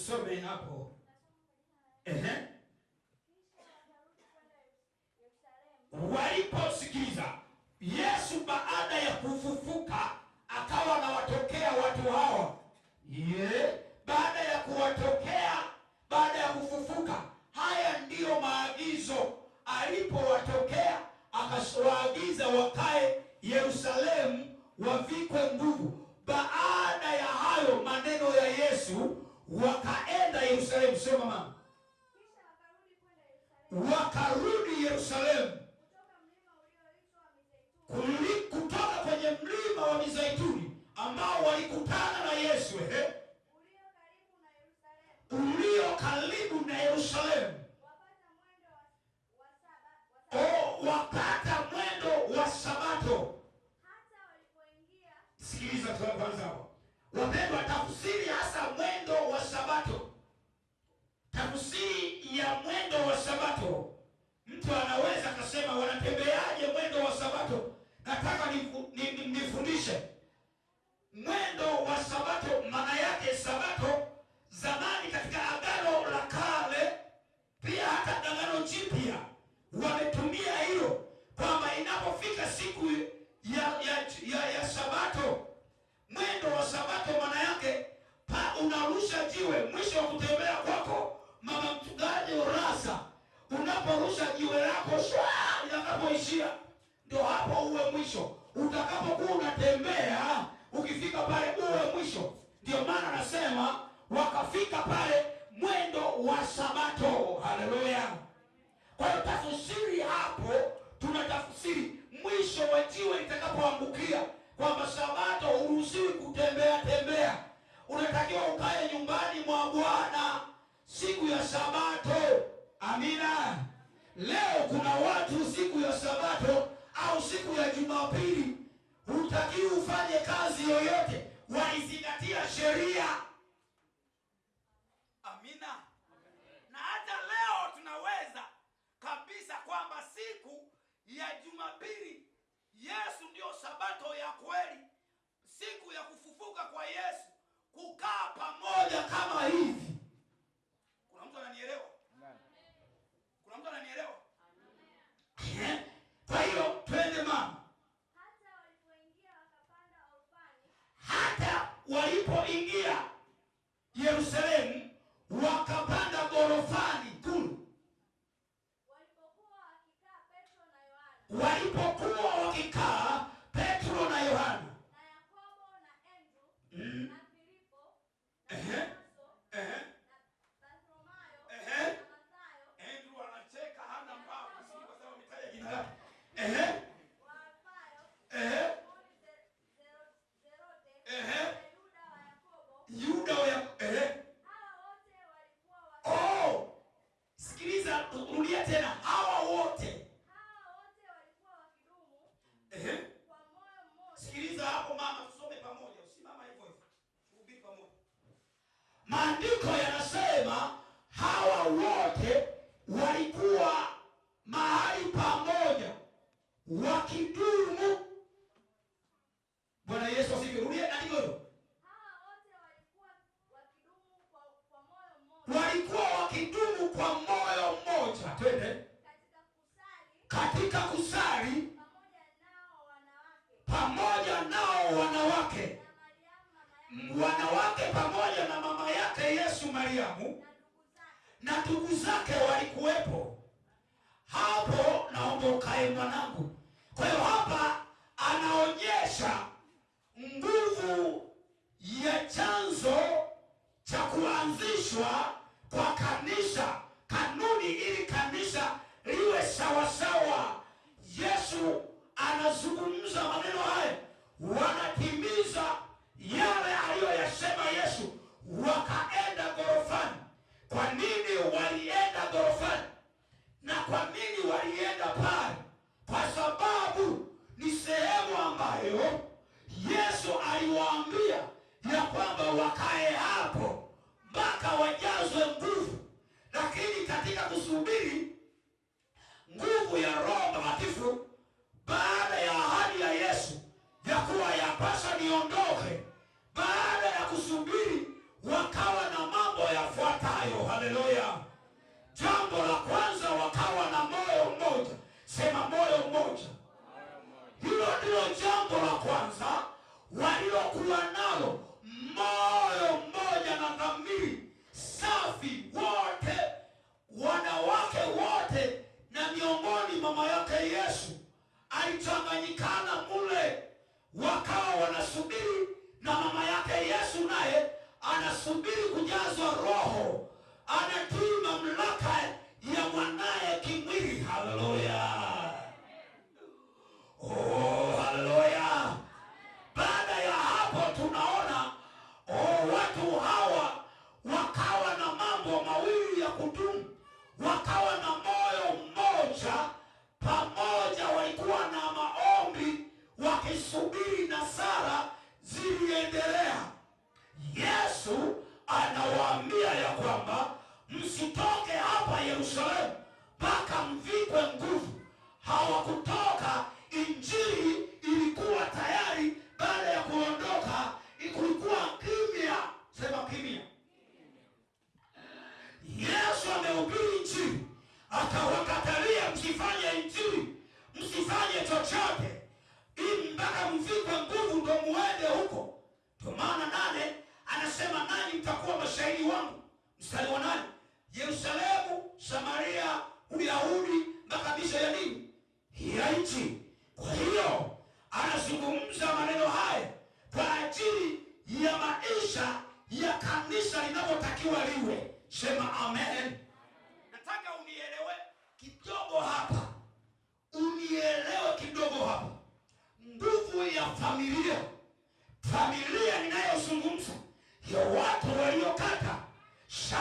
usome hapo ehe. Waliposikiza Yesu baada ya kufufuka, akawa anawatokea watu hawa Ye, Baada ya kuwatokea, baada ya kufufuka, haya ndiyo maagizo alipowatokea, akawaagiza wakae Yerusalemu, wavikwe nguvu. Baada ya hayo maneno ya Yesu wakaenda Yerusalemu. sio mama, wakarudi Yerusalemu kutoka kwenye mlima wa Mizeituni ambao walikutana na Yesu eh, ulio karibu na Yerusalemu. wapata mwendo wa Sabato. Sikiliza kwanza Wapendwa, tafsiri hasa mwendo wa Sabato, tafsiri ya mwendo wa Sabato, mtu anaweza akasema wanatembeaje mwendo wa Sabato? Nataka nifundishe mwendo wa Sabato maana jiwe. Mwisho wa kutembea kwako, mama mchungaji Urasa, unaporusha jiwe lako shwa, litakapoishia ndio hapo uwe mwisho. Utakapokuwa unatembea ukifika pale uwe mwisho. Ndio maana nasema wakafika pale mwendo wa Sabato. Haleluya! Kwa hiyo tafsiri hapo, tunatafsiri mwisho wa jiwe litakapoangukia, kwamba Sabato huruhusiwi kutembea tembea unatakiwa ukae nyumbani mwa Bwana siku ya Sabato. Amina. Leo kuna watu siku ya Sabato au siku ya Jumapili hutakiwi ufanye kazi yoyote, waizingatia sheria. Amina. Na hata leo tunaweza kabisa kwamba siku ya Jumapili Yesu ndio Sabato ya kweli, siku ya kufufuka kwa Yesu kukaa pamoja kama hivi. Kuna mtu ananielewa? Kuna mtu ananielewa? Eh? Kwa hiyo twende mama, hata walipoingia Yerusalemu wakapanda gorofani Yohana, Walipokuwa wakikaa Maandiko yanasema hawa wote walikuwa na ndugu zake walikuwepo hapo. Naomba ukae mwanangu. Kwa hiyo hapa anaonyesha nguvu ya chanzo cha kuanzishwa kwa kanisa, kanuni ili kanisa liwe sawasawa. Yesu anazungumza maneno haya, wanatimiza yale aliyoyasema Yesu, wakaenda ghorofani kwa nini walienda gorofani na kwa nini walienda pale? chochote ili mpaka mvikwe nguvu ndo muende huko. Ndio maana nane anasema nani mtakuwa mashahidi wangu, mstari wa nane Shout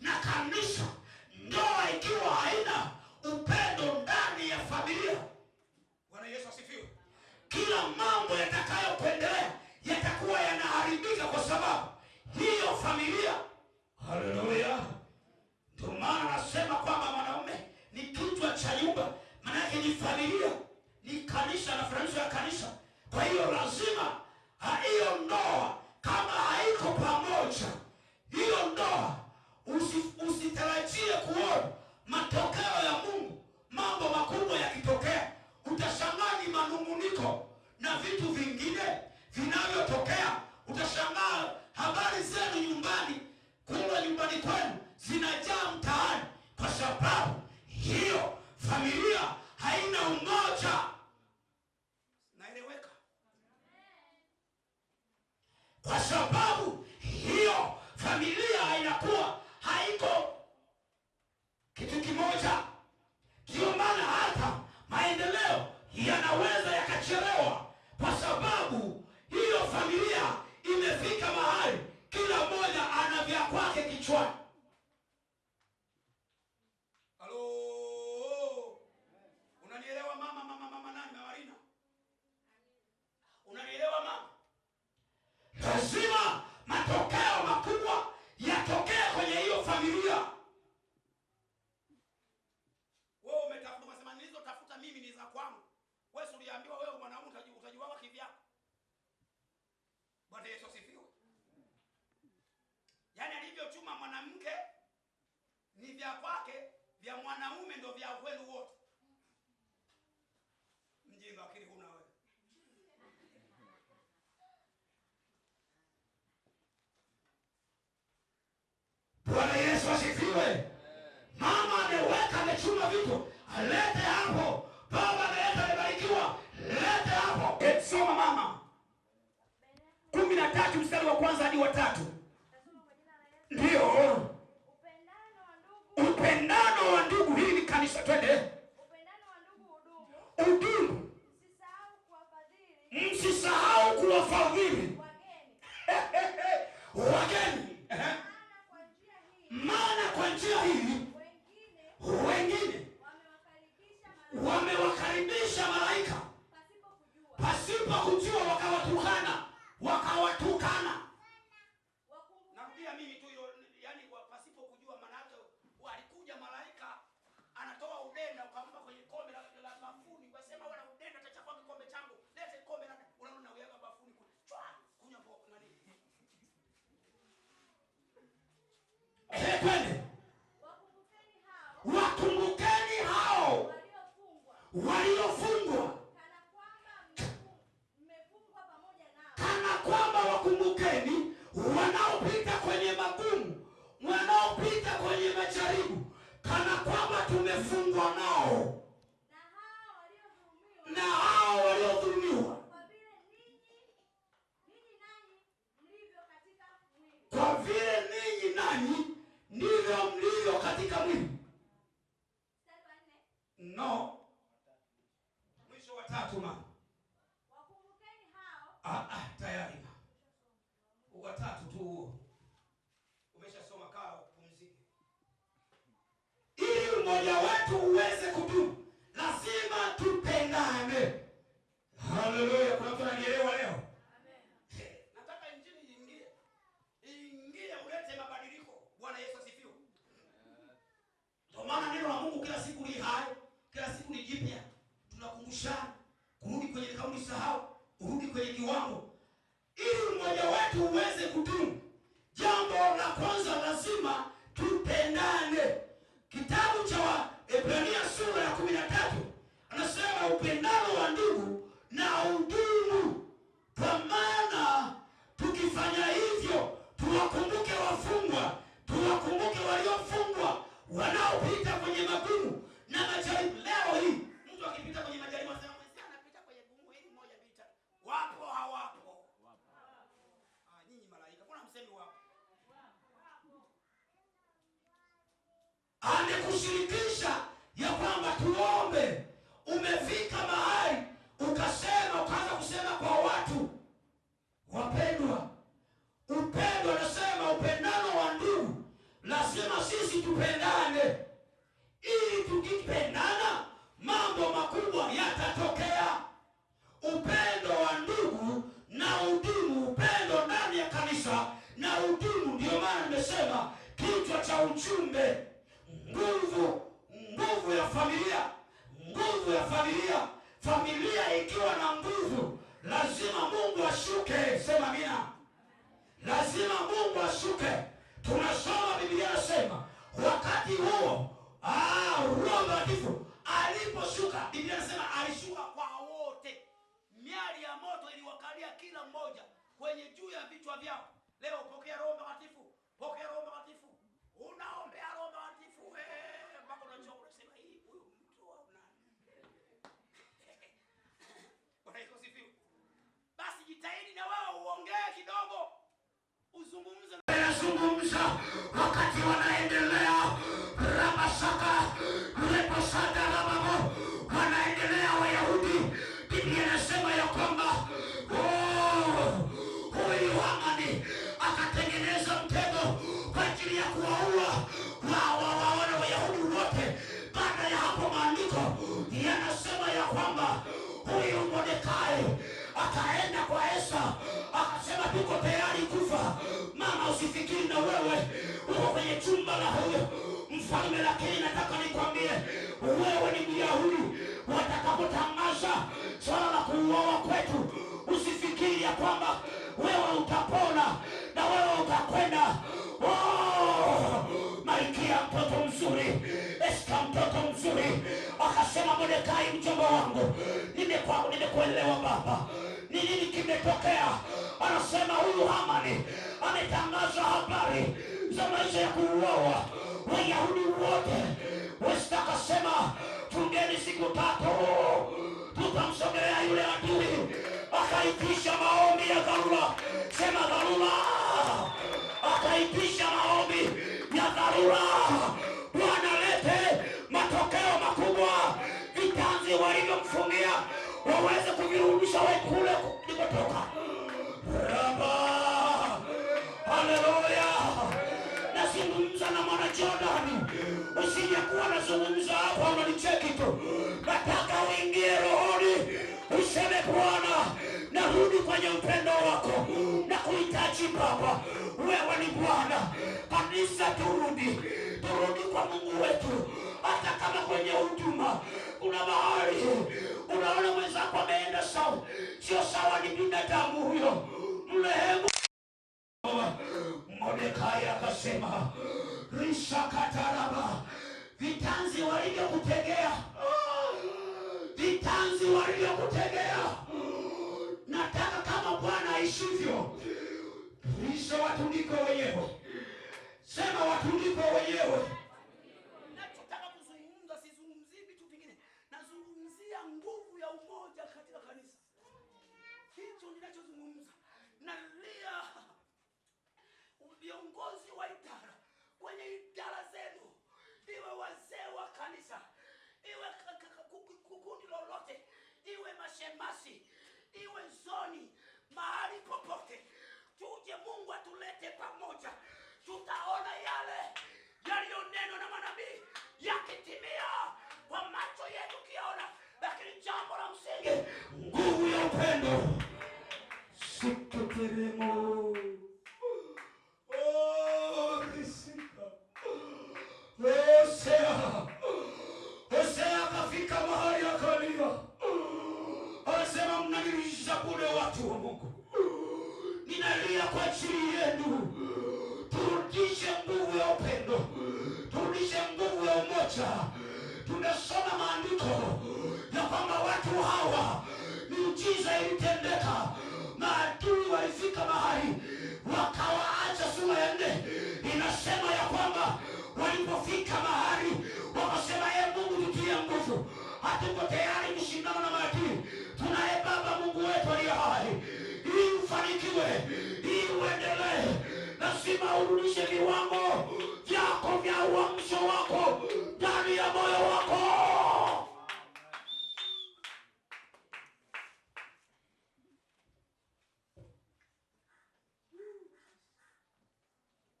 na kanisa. Ndoa ikiwa haina upendo ndani ya familia, Bwana Yesu asifiwe, kila mambo yatakayopendelea yatakuwa yanaharibika kwa sababu hiyo familia. Haleluya! Ndio maana nasema kwamba mwanaume ni kichwa cha nyumba, maanake ni familia, ni kanisa na furahisho ya kanisa. Kwa hiyo lazima hiyo ndoa kama haiko pamoja, hiyo ndoa usitarajie kuona matokeo ya Mungu, mambo makubwa yakitokea. wanaume ndio vya kweli wote sister. Amen. no mwisho wa tatu mama kubishana, kurudi kwenye kauli sahau, kurudi kwenye kiwango. Ili mmoja wetu uweze kudumu, jambo la kwanza lazima tupendane. Kitabu cha Waebrania sura ya kumi na tatu anasema upendano wa ndugu na udumu, kwa maana tukifanya hivyo tuwakumbuke wafungwa, tuwakumbuke waliofungwa, wanaopita kwenye magumu na majaribu. Leo hii Anapita kwenye majaribu anasema mwenzi anapita kwenye gumu hili moja mbili tatu. Wapo hawapo? Wapo. Ah, nyinyi malaika. msemi wapo. Amekushirikisha ya kwamba tuombe. Umefika mahali cha uchumbe, nguvu yanazungumza wakati wanaendelea ramasaka leposanda ramamo wanaendelea Wayahudi Biblia usifikiri na wewe uko kwenye chumba la huyo mfalme, lakini nataka nikwambie wewe ni Myahudi. Watakapotangaza swala la kuuawa kwetu, usifikiri ya kwamba wewe utapona na wewe utakwenda. Oh, Malkia mtoto mzuri, Esta mtoto mzuri Akasema, Mordekai mjomba wangu, nimekuelewa baba. Ni nini kimetokea? Anasema, huyu Hamani ametangaza habari za maisha ya kuuawa Wayahudi wote. Westa akasema, tungeni siku tatu tutamsogelea yule adui. Akaitisha maombi ya dharura, sema dharura, akaitisha maombi nitakuwa nazungumza hapa, unanicheki tu. Nataka uingie rohoni, useme Bwana, narudi kwenye upendo wako na kuhitaji Baba, wewe ni Bwana. Kanisa turudi, turudi kwa Mungu wetu, hata kama kwenye huduma una mahali unaona mwenzako ameenda sawa, sio sawa, ni binadamu huyo, mrehemu. Mordekai akasema risakataraba vitanzi walivyokutegea, vitanzi walivyokutegea. Nataka kama Bwana aishivyo, tulishe watundiko wenyewe